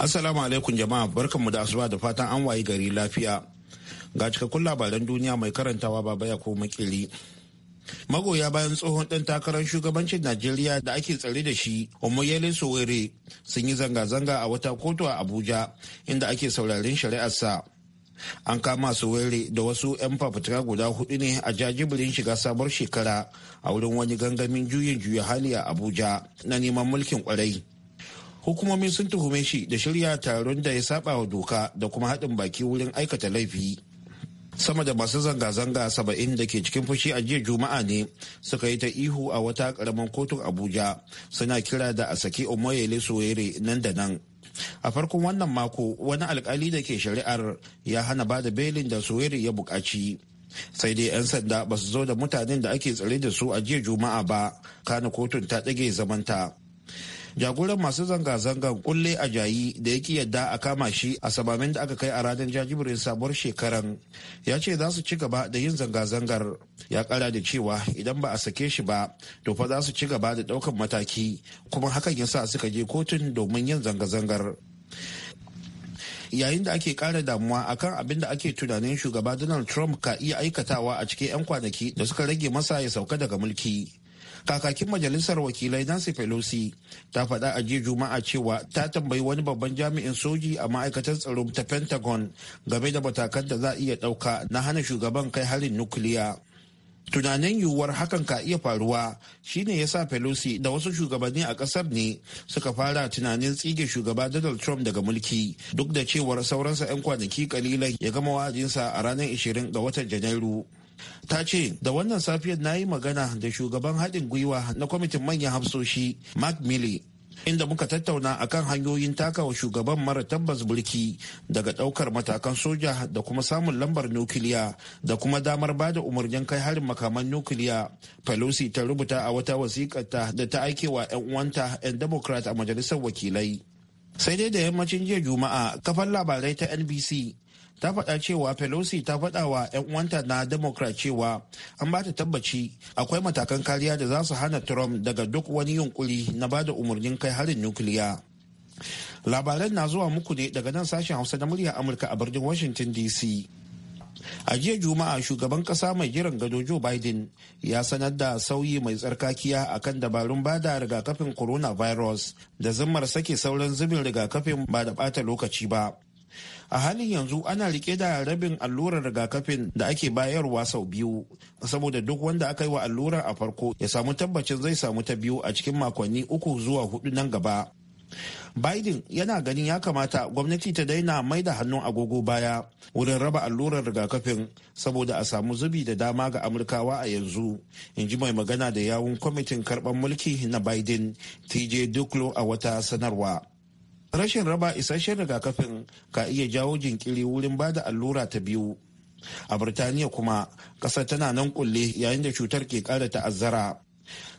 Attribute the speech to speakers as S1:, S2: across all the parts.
S1: Assalamu alaikum jama'a barkanmu da asuba da fatan an wayi gari lafiya. Ga cikakkun labaran duniya mai karantawa baba ya ko makili. Magoya bayan tsohon ɗan takarar shugabancin Najeriya da ake tsare da shi, Omoyele Sowore, sun yi zanga-zanga a wata kotu a Abuja inda ake sauraren shari'arsa. An kama Sowore da wasu 'yan fafutuka guda hudu ne a jajibirin shiga sabuwar shekara a wurin wani gangamin juyin juya hali a Abuja na neman mulkin kwarai. hukumomi sun tuhume shi da shirya taron da ya saba wa doka da kuma haɗin baki wurin aikata laifi sama da masu zanga-zanga saba'in da ke cikin fushi a jiya juma'a ne suka yi ta ihu a wata karamin kotun abuja suna kira da a saki omoyele soyere nan da nan a farkon wannan mako wani alkali da ke shari'ar ya hana ba da belin da soyere ya buƙaci sai dai 'yan sanda ba su zo da mutanen da ake tsare da su a jiya juma'a ba kana kotun ta ɗage zamanta jagoran masu zanga-zangar kulle a jayi da yake yadda a kama shi a sababin da aka kai a ranar jajibirin sabuwar shekaran ya ce za su ci gaba da yin zanga-zangar ya kara da cewa idan ba a sake shi ba to fa za su ci gaba da daukan mataki kuma hakan ya sa suka je kotun domin yin zanga-zangar yayin da ake kara damuwa akan abin da ake tunanin shugaba donald trump ka iya aikatawa a cikin 'yan kwanaki da suka rage masa ya sauka daga mulki kakakin majalisar wakilai nancy pelosi ta faɗa a jiya juma'a cewa ta tambayi wani babban jami'in soji a ma'aikatar tsaron ta pentagon game da matakan da za a iya ɗauka na hana shugaban kai harin nukiliya tunanin yiwuwar hakan ka iya faruwa shine ya sa pelosi da wasu shugabanni a kasar ne suka fara tunanin tsige shugaba donald trump daga mulki duk da cewar sauransa 'yan kwanaki kalilan ya gama wa'adinsa a ranar 20 ga watan janairu ta ce da wannan safiyar na yi magana da shugaban haɗin gwiwa na kwamitin manyan hafsoshi mark milley inda muka tattauna akan hanyoyin takawa shugaban mara tabbas birki daga ɗaukar matakan soja da kuma samun lambar nukiliya da kuma damar ba da umarnin kai harin makaman nukiliya pelosi ta rubuta a wata wasiƙarta da ta aikewa 'yan uwanta 'yan democrat a majalisar wakilai sai dai da yammacin jiya juma'a kafan labarai ta nbc ta faɗa cewa pelosi ta faɗa wa 'yan uwanta na democrat cewa an ba ta tabbaci akwai matakan kariya da za su hana trump daga duk wani yunkuri na ba da umarnin kai harin nukiliya labaran na zuwa muku ne daga nan sashen hausa na murya amurka a birnin washington dc a jiya juma'a shugaban kasa mai jiran gado joe biden ya sanar da sauyi mai tsarkakiya akan dabarun bada rigakafin coronavirus da zimmar sake sauran zubin rigakafin ba da bata lokaci ba a halin yanzu ana rike da rabin allurar rigakafin da ake bayarwa sau biyu saboda duk wanda aka yi wa allura a farko ya samu tabbacin zai samu ta biyu a cikin makonni uku zuwa hudu nan gaba biden yana ganin ya kamata gwamnati ta daina mai da hannun agogo baya wurin raba allurar rigakafin saboda a samu zubi da dama ga amurkawa a yanzu in ji mai magana da yawun kwamitin karɓar mulki na biden tj duklo a wata sanarwa rashin raba isasshen rigakafin ka iya jawo jinkiri wurin ba da allura ta biyu a birtaniya kuma ƙasar tana nan kulle yayin da cutar ke ƙara ta'azzara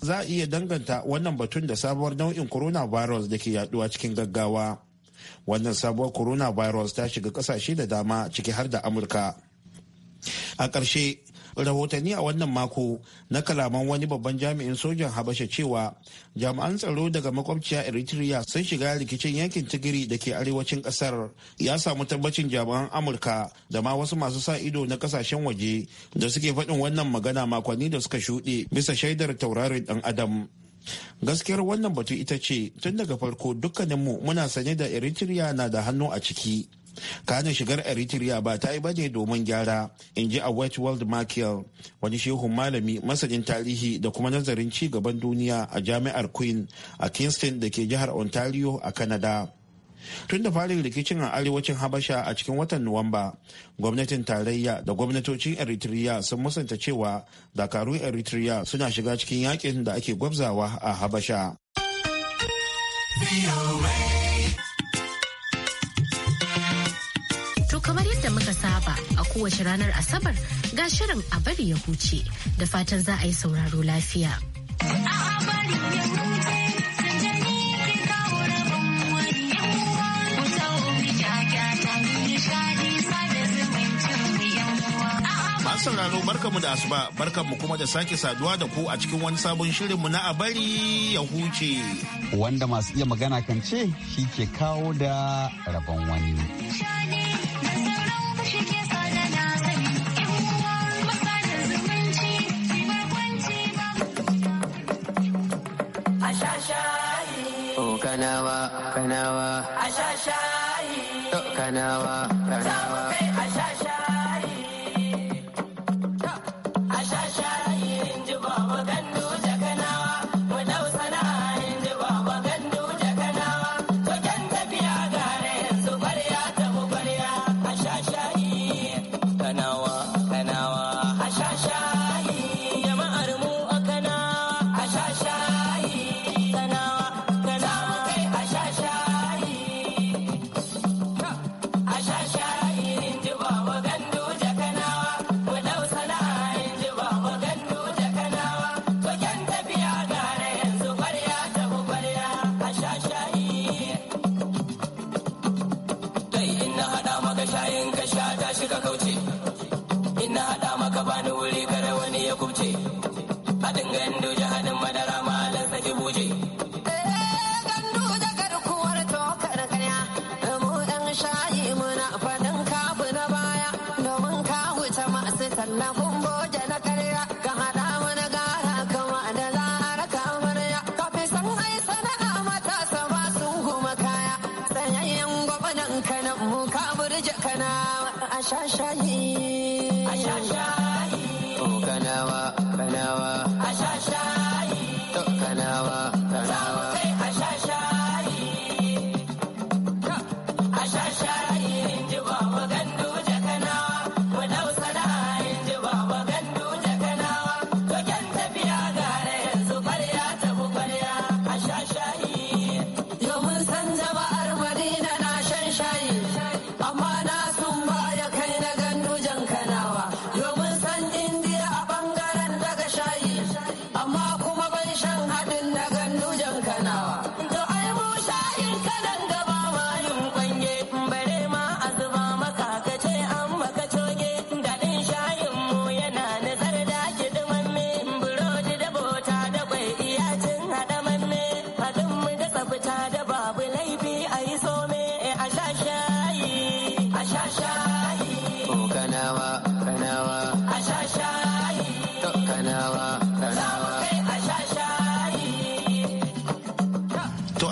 S1: za a iya danganta wannan batun da sabuwar nau'in coronavirus da ke yaduwa cikin gaggawa wannan sabuwar coronavirus ta shiga ƙasashe da dama ciki har da amurka a ƙarshe rahotanni a wannan mako na kalaman wani babban jami'in sojan habasha cewa jami'an tsaro daga makwabciya eritrea sun shiga rikicin yankin tigiri da ke arewacin kasar ya samu tabbacin jami'an amurka da ma wasu masu sa ido na kasashen waje da suke faɗin wannan magana makonni da suka shuɗe bisa shaidar taurarin ɗan adam gaskiyar wannan batu ita ce tun daga farko dukkaninmu muna sanye da eritrea na da hannu a ciki kanin shigar eritrea ba ta yi ne domin gyara in ji a White world markel wani shehun malami masanin tarihi da kuma nazarin ci gaban duniya a jami'ar queen a kingston da ke jihar ontario a canada tun da farin rikicin a arewacin habasha a cikin watan nuwamba gwamnatin tarayya da gwamnatocin eritrea sun musanta cewa dakarun eritrea suna shiga cikin yakin da ake gwabzawa a habasha.
S2: kowace ranar Asabar ga shirin a bari ya huce da fatan za a yi sauraro lafiya.
S3: A'a ya huce.
S1: sauraro barkamu da asuba barkamu kuma da sake saduwa da ku a cikin wani sabon shirinmu na abari ya huce.
S4: Wanda masu iya magana kan ce shi ke kawo da rabon wani.
S3: kanawa kanawa
S5: a sha oh,
S3: kanawa kanawa
S5: a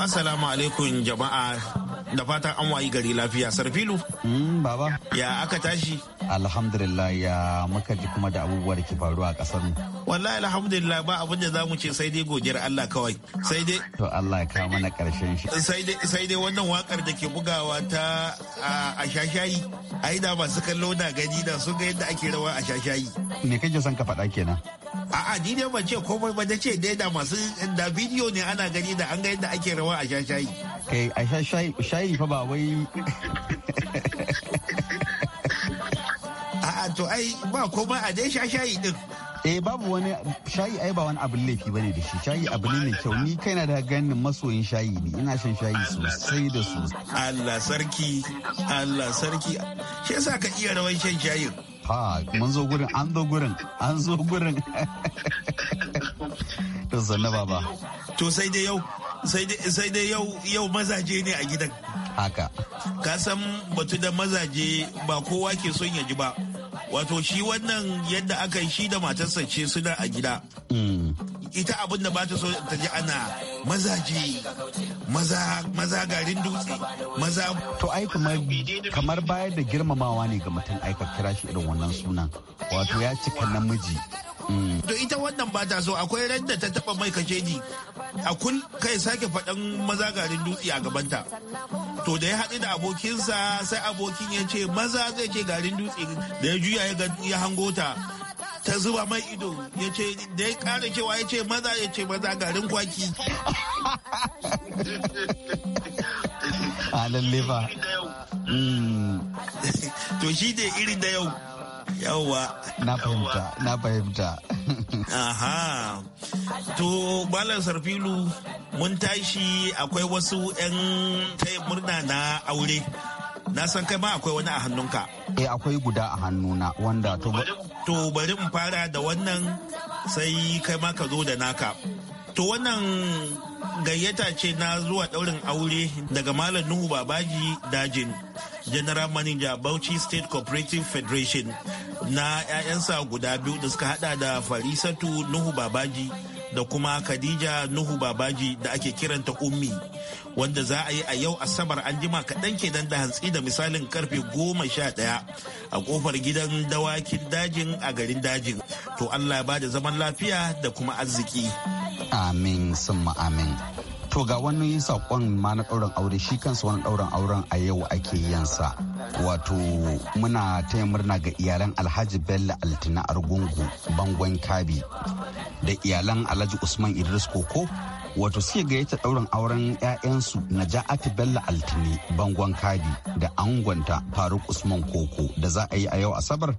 S1: Assalamu alaikum jama'a da fatan an wayi gari lafiya sarfilu. Mm, baba. Ya aka tashi?
S4: Alhamdulillah ya muka ji kuma da abubuwa da ke
S1: faruwa a kasar mu. Wallahi alhamdulillah ba abin da za mu ce sai dai godiyar Allah kawai. Sai dai. To Allah ya kawo mana karshen shi. Sai dai sai dai wannan wakar da ke bugawa ta a shashayi. Ai da masu kallo na gani da sun ga yadda ake rawa a shashayi. me kake son
S4: ka faɗa kenan
S1: a'a ni ne ban ce komai ba ce dai da masu da bidiyo ne ana gani da an ga yadda ake rawa a shashayi shayi
S4: kai a shashayi shayi fa ba wai
S1: a'a to ai ba komai a dai shashayi din
S4: eh babu wani shayi ai ba wani abin laifi bane da shi shayi abu ne mai kyau ni kaina da ganin masoyin shayi ne ina shan shayi sosai da sosai
S1: Allah sarki Allah sarki shi yasa ka iya rawan shan shayin
S4: park mun zo gurin an zo gurin an zo gurin
S1: to sanna baba to sai dai yau sai dai yau yau mazaje ne a gidan haka ka san batu da mazaje ba kowa ke son ya ji ba wato shi wannan yadda aka yi shi da matarsa ce suna a gida mm. ita abin da ba ta so ta ji ana mazaje maza maza garin dutse maza to ai kamar
S4: kamar bayar da girmamawa ne ga mutum ka kira shi irin wannan sunan wato ya cika namiji
S1: mm. to ita wannan ba ta so akwai randa ta taba mai kakeji a kun kai sake faɗan maza garin dutse a gabanta to da ya haɗu da abokinsa sai abokin ya ce maza zai ce garin dutse da ya juya ya hango ta ta zuba mai ido ya ce da ya kara cewa ya ce maza ya ce maza garin kwaki
S4: a lalle hmm.
S1: to shi ne iri da yau yawwa
S4: na fahimta na fahimta
S1: aha to Balar sarfilu mun tashi akwai wasu 'yan taya murna na aure na san kai ma akwai wani a hannunka eh
S4: akwai guda a hannuna wanda to
S1: to bari in fara da wannan sai kai ma ka zo da naka to wannan gayyata ce na zuwa daurin aure daga malam nuhu babaji dajin general manager bauchi state cooperative federation na 'ya'yansa guda biyu da suka hada da farisatu nuhu babaji da kuma Khadija Nuhu Babaji da ake kiranta Ummi wanda za a yi a yau Asabar an jima kaɗan dan da hantsi da misalin karfe goma sha ɗaya a kofar gidan dawakin dajin a garin dajin. To Allah ba da zaman lafiya da kuma arziki.
S4: Amin summa amin. To ga wani saƙon ma na ɗauran aure shi kansa wani ɗauran auren a yau ake yansa. Wato muna taya murna ga iyalan Alhaji Bello Altina Argungu bangon Kabi da iyalan alhaji usman idris koko wato suke gayyata ɗaurin auren 'ya'yansu na ja'ati bello altini bangon kadi da angonta faruk usman koko da za a yi a yau asabar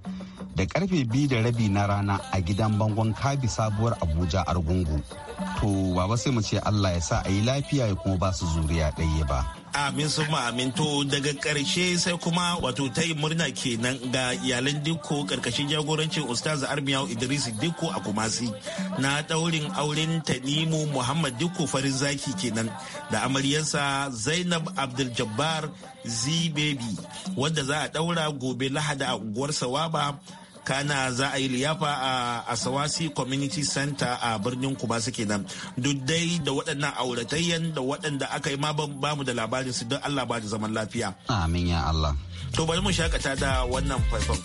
S4: da karfe biyu da rabi na rana a gidan bangon kabi sabuwar abuja argungu to baba sai mu ce allah ya sa a yi lafiya ya kuma ba su zuriya ɗaya ba
S1: Amin sun amin to daga ƙarshe sai kuma wato ta yi murna kenan ga iyalan Dikko ƙarƙashin jagorancin Ustaz Armiyau Idris Dikko a Kumasi na ɗaurin auren Tanimu Muhammad Dikko farin zaki kenan da amaryarsa Zainab Abdul Jabbar Z-Baby wadda za a ɗaura gobe Lahada a unguwar Sawaba kana za a yi liyafa a asawasi community center a birnin kuma suke nan duk dai da waɗannan auratayyan da waɗanda aka yi ma ba mu da labarin su don allah ba da zaman lafiya amin ya allah to bari mu shakata da wannan faifan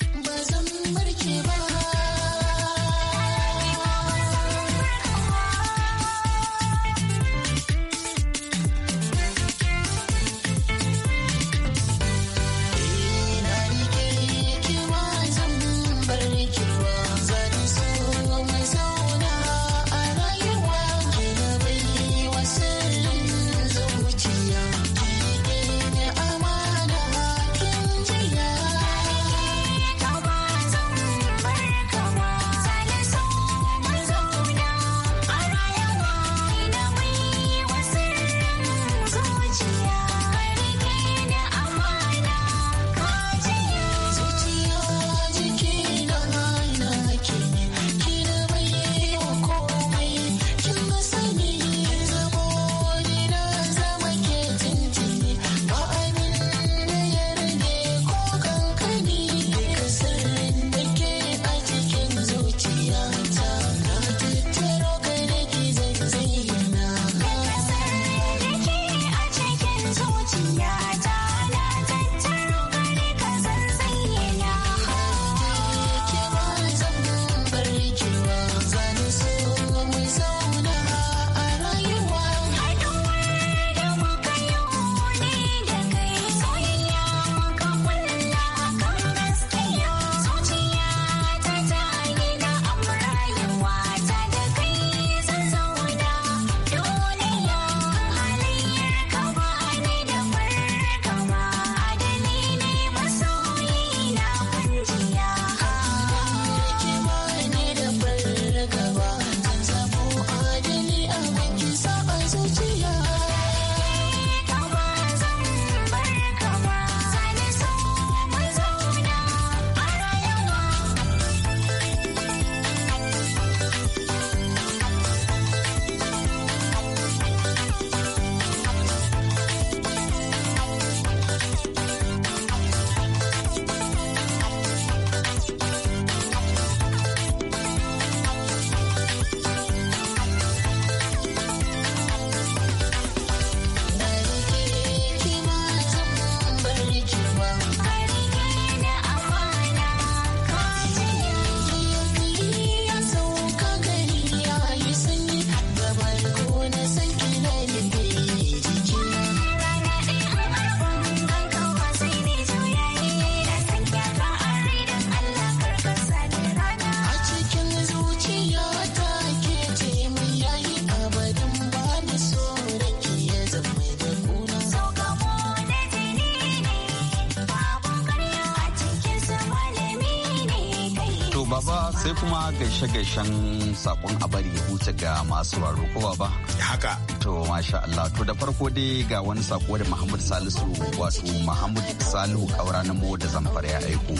S4: sai kuma gaishe-gaishen sakon abari huce ga masu raro kowa ba. Haka. To masha Allah to da farko dai ga wani sako da Muhammad Salisu wato Muhammad Salihu kaura na mu da zamfara ya aiko.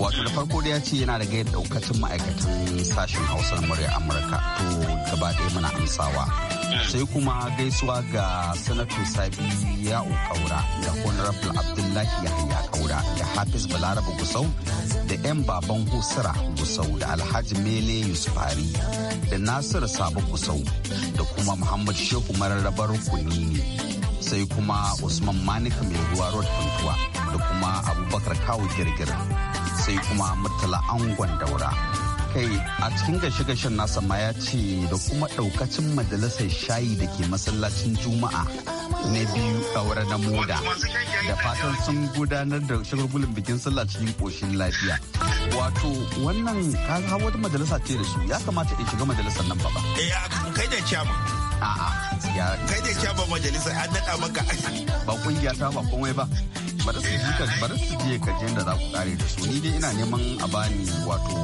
S4: Wato da farko dai ya ce yana da gayar daukacin ma'aikatan sashen Hausa na murya Amurka to gaba ɗaya muna amsawa. sai kuma gaisuwa ga sanato sabi ya'u kaura da honorable abdullahi yahya kaura da hafiz balaraba gusau da 'yan baban husara gusau da alhaji mele yusufari da nasiru Sabu gusau da kuma muhammad shehu mararrabar kuni ne sai kuma usman manika mai ruwa road kuntuwa da kuma abubakar kawo girgir sai kuma murtala angon daura aka yi a cikin gashe gashin nasa ma ya ce da kuma ɗaukacin majalisar shayi da ke masallacin juma'a na biyu ɗaure na moda da fatan sun gudanar da shagulgulin bikin sallah cikin ƙoshin lafiya wato wannan kaga wata majalisa ce da su ya kamata in shiga majalisar nan ba ba eh, kai da ciyaman a'a kai da kyaban majalisa an naɗa maka ba kungiya ta ba komai ba bari su ji bari su je ka je da za ku kare da su ni dai ina neman a bani wato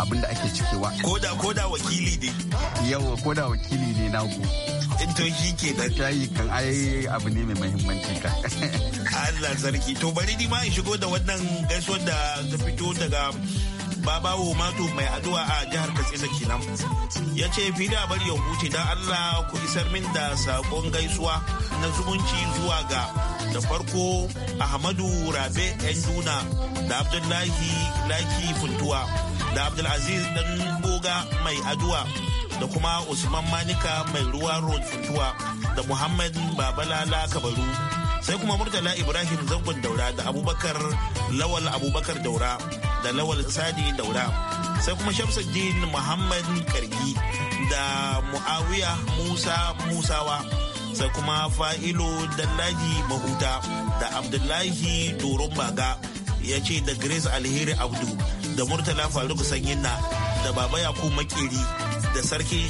S4: abin da ake cikewa Ko da wakili ne yawa da wakili ne na ku to shi ke da tayi
S1: kan ai abu ne mai muhimmanci ka Allah sarki to bari ni ma in shigo da wannan gaisuwar da ta fito daga babawo mato mai addu'a a jihar katsina kenan ya ce da bari ya huce don allah ku isar min da sakon gaisuwa na zumunci zuwa ga da farko ahmadu rabe yan juna da abdullahi laki funtuwa da abdulaziz dan boga mai aduwa da kuma usman manika mai ruwa road funtuwa da muhammad babalala kabaru sai kuma murtala ibrahim zangon daura da abubakar lawal abubakar daura da lawal sadi daura sai kuma shamsuddin muhammad kargi da muawiya musa musawa sai kuma fa'ilo dallaji mahuta da abdullahi doron baga ya ce da grace alheri abdu da murtala faruk sanyinna da baba yaku makeri da sarki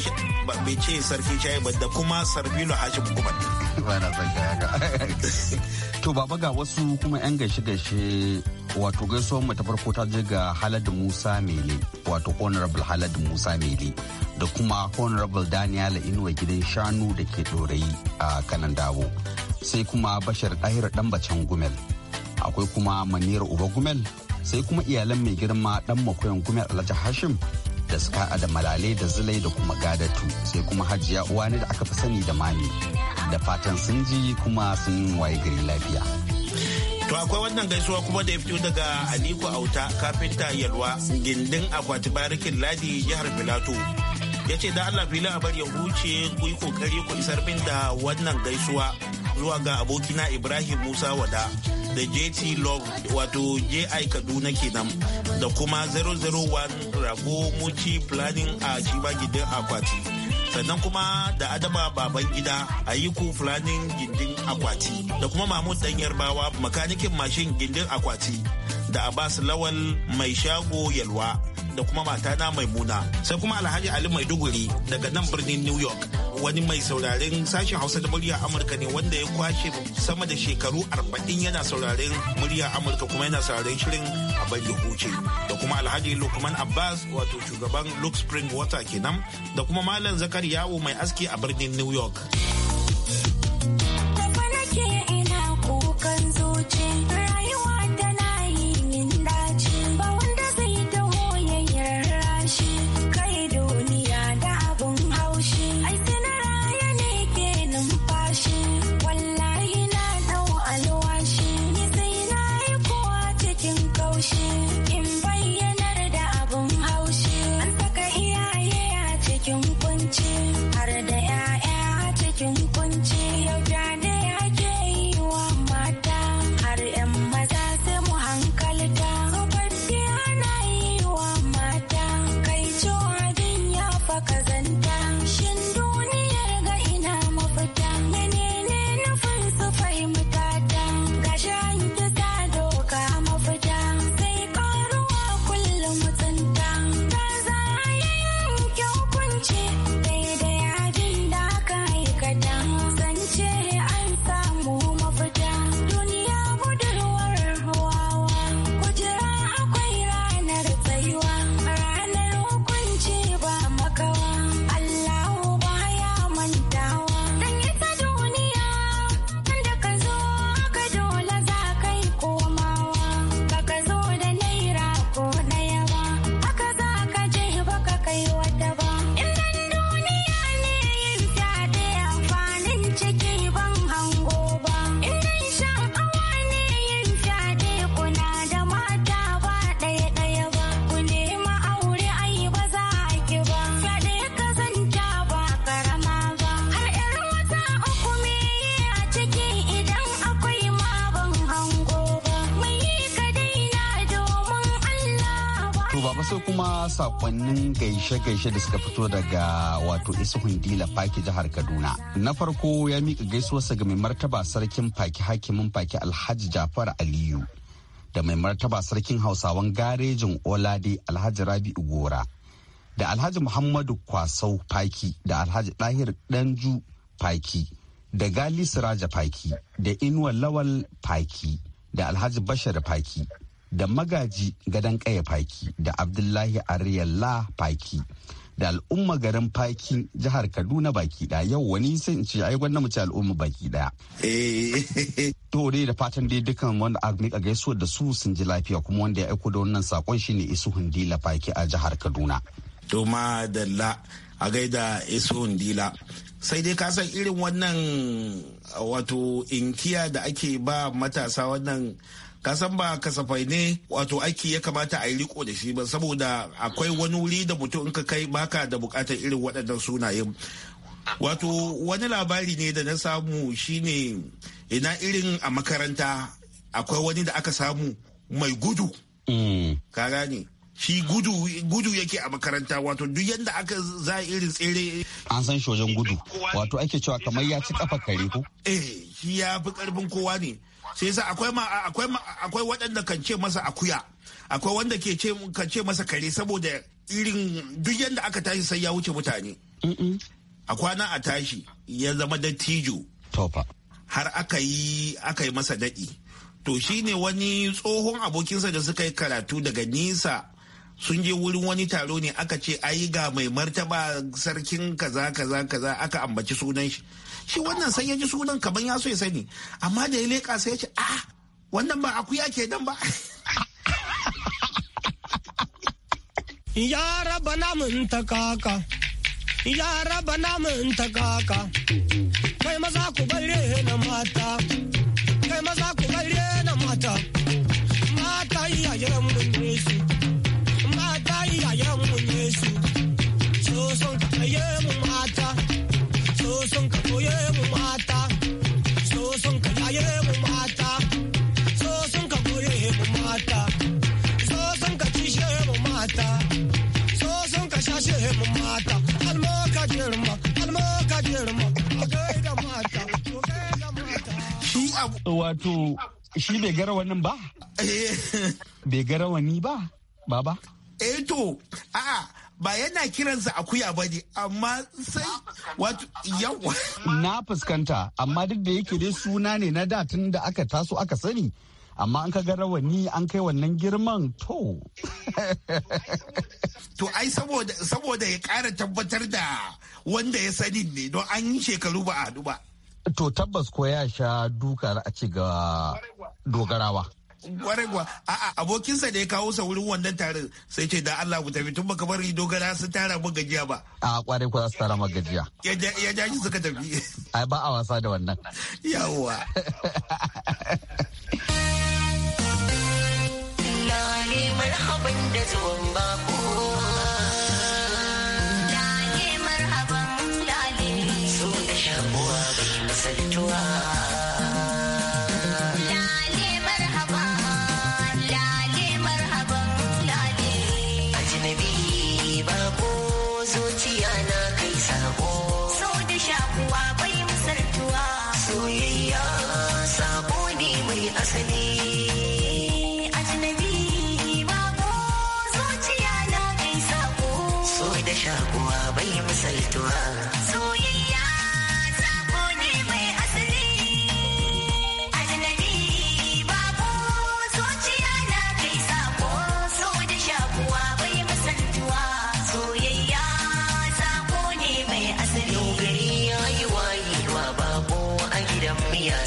S1: bai ce sarki shayi ba da kuma sarfilo hashim kuman
S4: to baba ga wasu kuma yan gaishe-gaishe wato gaisuwar mu ta farko ta je ga Halad Musa Mele wato Honorable Halad Musa Mele da kuma Honorable Daniel Inuwa gidan shanu da ke dorayi a kanan dawo sai kuma Bashar Dahir Dambacen Gumel akwai kuma Manir Uba Gumel sai kuma iyalan mai girma dan makoyan Gumel Alhaji Hashim da suka da malale da zulai da kuma gadatu sai kuma hajiya uwani da aka fi sani da mami da fatan sun ji kuma sun waye gari lafiya.
S1: To akwai wannan gaisuwa kuma da ya fito daga Aliko Auta kafinta Yalwa gindin akwati barikin ladi jihar Filato. Ya ce da Allah fili a bar ya huce ku yi kokari ku isar min da wannan gaisuwa zuwa ga abokina Ibrahim Musa Wada da JT Love wato JI Kaduna kenan da kuma 001 Rago Muci Planning a Shiba Gidan Akwati. sannan kuma da adama baban gida ayiku fulanin gindin akwati da kuma mahmud dan yarbawa makanikin mashin gindin akwati da abbas lawal mai shago yalwa da kuma matana maimuna sai kuma alhaji ali maiduguri daga nan birnin new york wani mai sauraren sashen hausa da murya amurka ne wanda ya kwashe sama da shekaru arba'in yana sauraren murya amurka kuma yana sauraren shirin a bari huce da kuma alhaji lukman abbas wato shugaban luke spring water kenan da kuma malam zakari yawo mai aski a birnin new york
S5: cikin kunci har da 'ya'ya cikin kunci yau
S4: sakonnin gaishe-gaishe da suka fito daga wato isuhun dila faki jihar kaduna na farko ya miƙa gaisuwarsa ga mai martaba sarkin faki hakimin faki alhaji jafar aliyu da mai martaba sarkin hausawan garejin olade alhaji Rabi Ugora da alhaji muhammadu kwasau faki da alhaji ɗahir ɗanju faki da gali siraja faki da inuwa lawal faki da alhaji bashar faki da magaji gadan kaya faki da abdullahi ariyalla faki da al'umma garin fakin jihar kaduna baki daya yau wani sai in ce ai gwanna mu ce al'umma baki daya eh. to dai da fatan dai dukan wanda a mika gaisuwar da su sun ji lafiya kuma wanda ya aiko da wannan sakon shine isu hundila faki a jihar kaduna
S1: to ma dalla a gaida isu hundila sai dai ka san irin wannan wato inkiya da ake ba matasa wannan Ka san ba kasafai ne wato aiki ya kamata a yi riko da shi ba saboda akwai wani wuri da mutum in ka kai baka da bukatar irin waɗannan sunayen wato wani labari ne da na samu shine ina irin a makaranta akwai wani da aka samu mai gudu mm. ka gane shi gudu gudu yake a makaranta wato duk yadda aka za irin tsere an san
S4: shojan gudu wato ake cewa kamar ya ci kafa kare ko
S1: eh shi ya fi karfin kowa ne sai yasa akwai ma akwai akwai waɗanda kan ce masa akuya akwai wanda ke ce kan ce masa kare saboda irin duk yadda aka tashi sai ya wuce mutane a kwana a tashi ya zama dattijo tofa har aka yi aka yi masa daɗi to shine wani tsohon abokinsa da suka yi karatu daga nisa sun je wurin wani taro ne aka ce ayi ga mai martaba sarkin kaza kaza kaza aka ambaci sunan shi shi wannan sai ya ji sunan kaman ya so ya sani amma da ya leka sai ya ce ah wannan ba akuya ke dan ba ya raba namun ta
S4: kaka ya raba namun ta kaka kai maza ku bare na mata kai maza ku bare na mata mata
S3: iyayen mun su
S4: wato shi bai gara wannan ba eh.
S1: bai gara wani ba baba eh to a ba yana kiransa akuya ba ne amma sai wato yawa
S4: na fuskanta amma duk da yake dai suna ne na da tun da aka taso aka sani amma an ka ga rawani an kai wannan girman to
S1: to ai saboda ya kara tabbatar da wanda ya sani ne don an yi shekaru ba a ba To tabbas
S4: ko ya sha duka a ci ga dogarawa.
S1: Ware a abokinsa da ya kawo sa wurin wannan tarin sai ce da Allah ku tafi tun baka bari dogara su tara mu gajiya ba.
S4: A kware za su tara mu gajiya.
S1: Ya ja shi suka tafi.
S4: Ai ba a wasa da wannan.
S1: Yawwa.
S6: Lale marhaban da zuwan bako.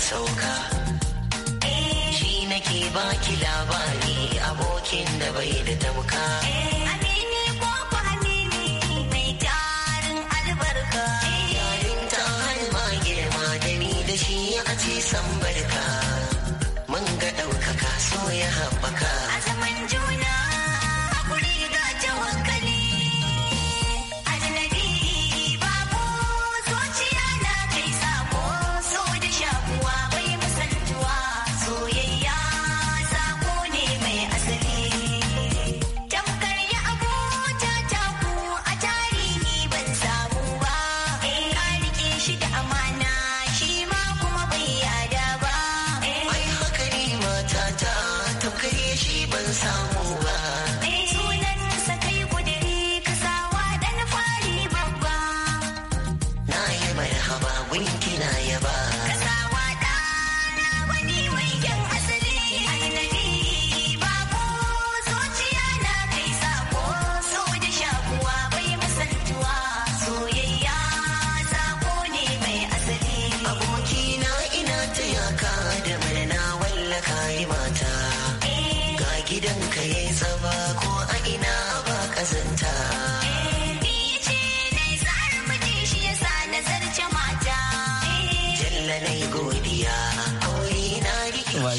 S6: sauka eh, shi nake baki labari abokin da bai da tamka eh,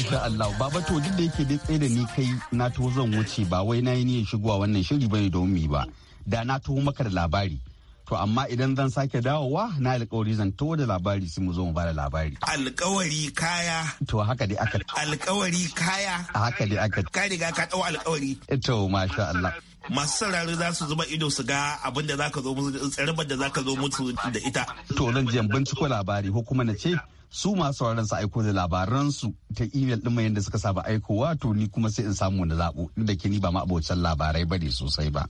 S4: insha Allah baba to duk da yake dai tsaye da ni kai na to zan wuce ba wai na yi niyyar shigowa wannan shiri bane domin mi ba da na to maka da labari to amma idan zan sake dawowa na alkawari zan to da labari sai mu zo mu bada labari
S1: alkawari kaya
S4: to haka dai aka
S1: alkawari kaya
S4: haka dai aka ka riga
S1: ka dau alkawari eh to masha Allah masu sarari za su zuba ido su ga abin da zaka zo musu tsarabar da zaka zo musu da ita
S4: to zan jiyan binciko labari ko kuma na ce su masu sauraron su aiko da labaransu ta din ɗin yadda suka saba aikowa to ni kuma sai in samu na zaɓo da ke ni ba ma abocin labarai ba ne sosai ba.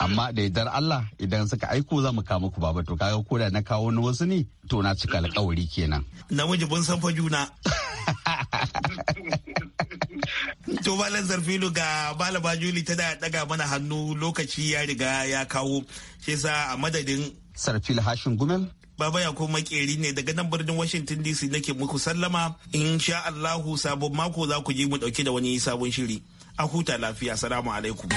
S4: Amma da yardar Allah idan suka aiko zamu mu kawo muku baba to kaga ko da na kawo na wasu ne to na cika alƙawari kenan.
S1: Namiji bun san fa juna. To Malam Zarfilu ga Malama Juli ta daga mana hannu lokaci ya riga ya kawo. Shi sa a madadin Sarfil Hashin Gumel Baba ya koma makeri ne daga nan birnin Washington DC nake muku sallama. In sha Allahu sabon mako za ku je mu dauke da wani sabon shiri. A huta lafiya. Salamu alaikum.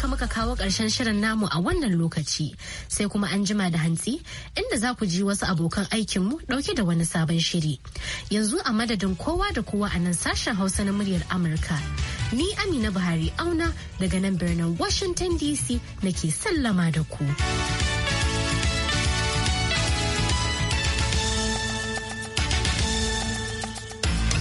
S2: haka muka kawo ƙarshen shirin namu a wannan lokaci sai kuma an jima da hantsi inda za ku ji wasu abokan aikinmu ɗauke da wani sabon shiri. Yanzu a madadin kowa da kowa a nan sashen Hausa na muryar Amurka. Ni Amina Buhari auna daga nan birnin Washington DC nake sallama da ku.